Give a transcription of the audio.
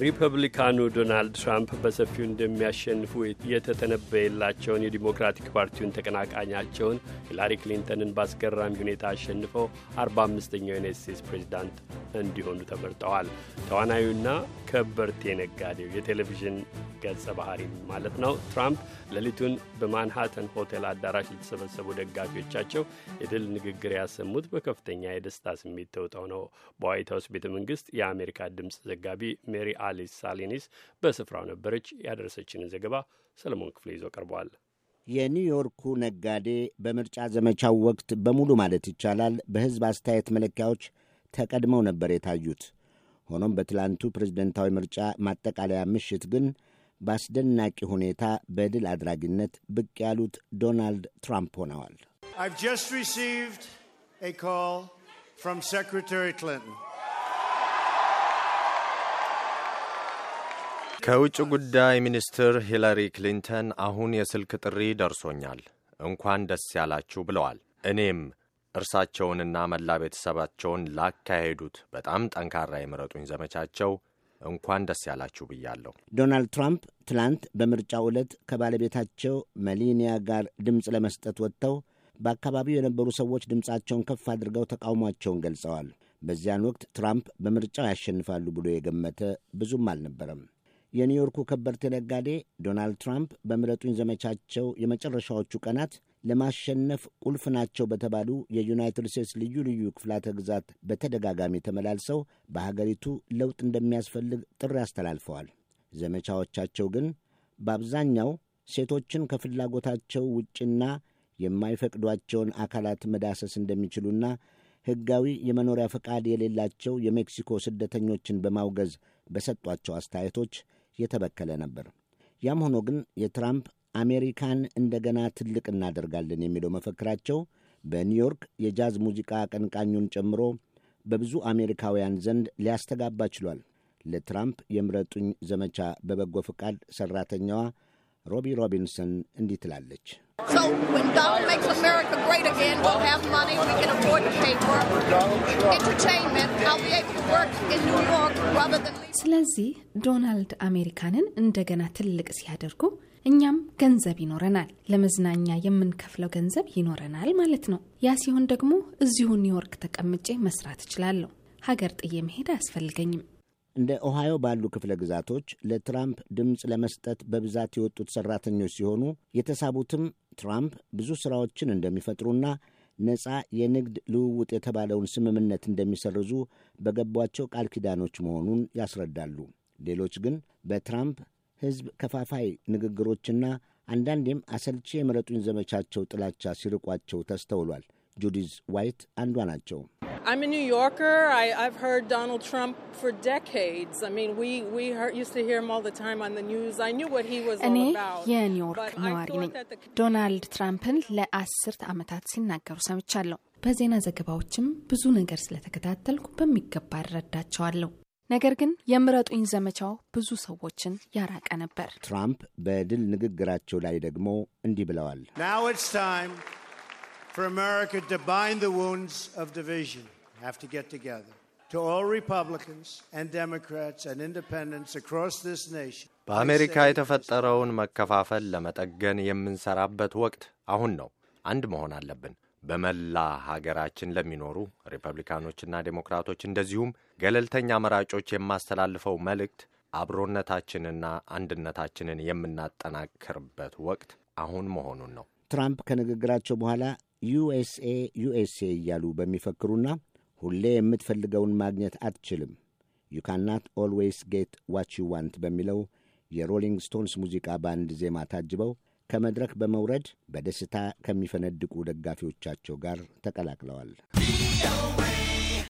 ሪፐብሊካኑ ዶናልድ ትራምፕ በሰፊው እንደሚያሸንፉ የተተነበየላቸውን የዲሞክራቲክ ፓርቲውን ተቀናቃኛቸውን ሂላሪ ክሊንተንን በአስገራሚ ሁኔታ አሸንፈው አርባ አምስተኛው የዩናይት ስቴትስ ፕሬዚዳንት እንዲሆኑ ተመርጠዋል። ተዋናዩና ከበርቴ ነጋዴው የቴሌቪዥን ገጸ ባህሪ ማለት ነው ትራምፕ ሌሊቱን በማንሃተን ሆቴል አዳራሽ ለተሰበሰቡ ደጋፊዎቻቸው የድል ንግግር ያሰሙት በከፍተኛ የደስታ ስሜት ተውጠው ነው። በዋይት ሀውስ ቤተ መንግስት የአሜሪካ ድምፅ ዘጋቢ ሜሪ አሊስ ሳሊኒስ በስፍራው ነበረች። ያደረሰችንን ዘገባ ሰለሞን ክፍሌ ይዞ ቀርቧል። የኒውዮርኩ ነጋዴ በምርጫ ዘመቻው ወቅት በሙሉ ማለት ይቻላል በሕዝብ አስተያየት መለኪያዎች ተቀድመው ነበር የታዩት። ሆኖም በትላንቱ ፕሬዝደንታዊ ምርጫ ማጠቃለያ ምሽት ግን በአስደናቂ ሁኔታ በድል አድራጊነት ብቅ ያሉት ዶናልድ ትራምፕ ሆነዋል። ከውጭ ጉዳይ ሚኒስትር ሂለሪ ክሊንተን አሁን የስልክ ጥሪ ደርሶኛል። እንኳን ደስ ያላችሁ ብለዋል። እኔም እርሳቸውንና መላ ቤተሰባቸውን ላካሄዱት በጣም ጠንካራ የምረጡኝ ዘመቻቸው እንኳን ደስ ያላችሁ ብያለሁ። ዶናልድ ትራምፕ ትላንት በምርጫው ዕለት ከባለቤታቸው መሊኒያ ጋር ድምፅ ለመስጠት ወጥተው በአካባቢው የነበሩ ሰዎች ድምፃቸውን ከፍ አድርገው ተቃውሟቸውን ገልጸዋል። በዚያን ወቅት ትራምፕ በምርጫው ያሸንፋሉ ብሎ የገመተ ብዙም አልነበረም። የኒውዮርኩ ከበርቴ ነጋዴ ዶናልድ ትራምፕ በምረጡኝ ዘመቻቸው የመጨረሻዎቹ ቀናት ለማሸነፍ ቁልፍ ናቸው በተባሉ የዩናይትድ ስቴትስ ልዩ ልዩ ክፍላተ ግዛት በተደጋጋሚ ተመላልሰው በሀገሪቱ ለውጥ እንደሚያስፈልግ ጥሪ አስተላልፈዋል። ዘመቻዎቻቸው ግን በአብዛኛው ሴቶችን ከፍላጎታቸው ውጭና የማይፈቅዷቸውን አካላት መዳሰስ እንደሚችሉና ሕጋዊ የመኖሪያ ፈቃድ የሌላቸው የሜክሲኮ ስደተኞችን በማውገዝ በሰጧቸው አስተያየቶች የተበከለ ነበር። ያም ሆኖ ግን የትራምፕ አሜሪካን እንደገና ትልቅ እናደርጋለን የሚለው መፈክራቸው በኒውዮርክ የጃዝ ሙዚቃ አቀንቃኙን ጨምሮ በብዙ አሜሪካውያን ዘንድ ሊያስተጋባ ችሏል። ለትራምፕ የምረጡኝ ዘመቻ በበጎ ፈቃድ ሠራተኛዋ ሮቢ ሮቢንሰን እንዲህ ትላለች። So when Donald makes America great again, we'll have money, we can afford to pay for entertainment. I'll be able to work in New York rather than ስለዚህ ዶናልድ አሜሪካንን እንደገና ትልቅ ሲያደርጉ እኛም ገንዘብ ይኖረናል፣ ለመዝናኛ የምንከፍለው ገንዘብ ይኖረናል ማለት ነው። ያ ሲሆን ደግሞ እዚሁ ኒውዮርክ ተቀምጬ መስራት እችላለሁ። ሀገር ጥዬ መሄድ አያስፈልገኝም። እንደ ኦሃዮ ባሉ ክፍለ ግዛቶች ለትራምፕ ድምፅ ለመስጠት በብዛት የወጡት ሰራተኞች ሲሆኑ የተሳቡትም ትራምፕ ብዙ ሥራዎችን እንደሚፈጥሩና ነፃ የንግድ ልውውጥ የተባለውን ስምምነት እንደሚሰርዙ በገቧቸው ቃል ኪዳኖች መሆኑን ያስረዳሉ። ሌሎች ግን በትራምፕ ሕዝብ ከፋፋይ ንግግሮችና አንዳንዴም አሰልቺ የምረጡኝ ዘመቻቸው ጥላቻ ሲርቋቸው ተስተውሏል። ጁዲዝ ዋይት አንዷ ናቸው። I'm a New Yorker. I, I've heard Donald Trump for decades. I mean, we, we heard, used to hear him all the time on the news. I knew what he was እኔ የኒውዮርክ ነዋሪ ነኝ። ዶናልድ ትራምፕን ለአስርት ዓመታት ሲናገሩ ሰምቻለሁ። በዜና ዘገባዎችም ብዙ ነገር ስለተከታተልኩ በሚገባ እረዳቸዋለሁ። ነገር ግን የምረጡኝ ዘመቻው ብዙ ሰዎችን ያራቀ ነበር። ትራምፕ በድል ንግግራቸው ላይ ደግሞ እንዲህ ብለዋል። For America to bind the wounds of division, have to get together. To all Republicans and Democrats and independents across this nation. በአሜሪካ የተፈጠረውን መከፋፈል ለመጠገን የምንሰራበት ወቅት አሁን ነው። አንድ መሆን አለብን። በመላ ሀገራችን ለሚኖሩ ሪፐብሊካኖችና ዴሞክራቶች እንደዚሁም ገለልተኛ መራጮች የማስተላልፈው መልእክት አብሮነታችንና አንድነታችንን የምናጠናክርበት ወቅት አሁን መሆኑን ነው። ትራምፕ ከንግግራቸው በኋላ ዩኤስኤ ዩኤስኤ እያሉ በሚፈክሩና ሁሌ የምትፈልገውን ማግኘት አትችልም ዩካናት ኦልዌይስ ጌት ዋች ዩ ዋንት በሚለው የሮሊንግ ስቶንስ ሙዚቃ ባንድ ዜማ ታጅበው ከመድረክ በመውረድ በደስታ ከሚፈነድቁ ደጋፊዎቻቸው ጋር ተቀላቅለዋል።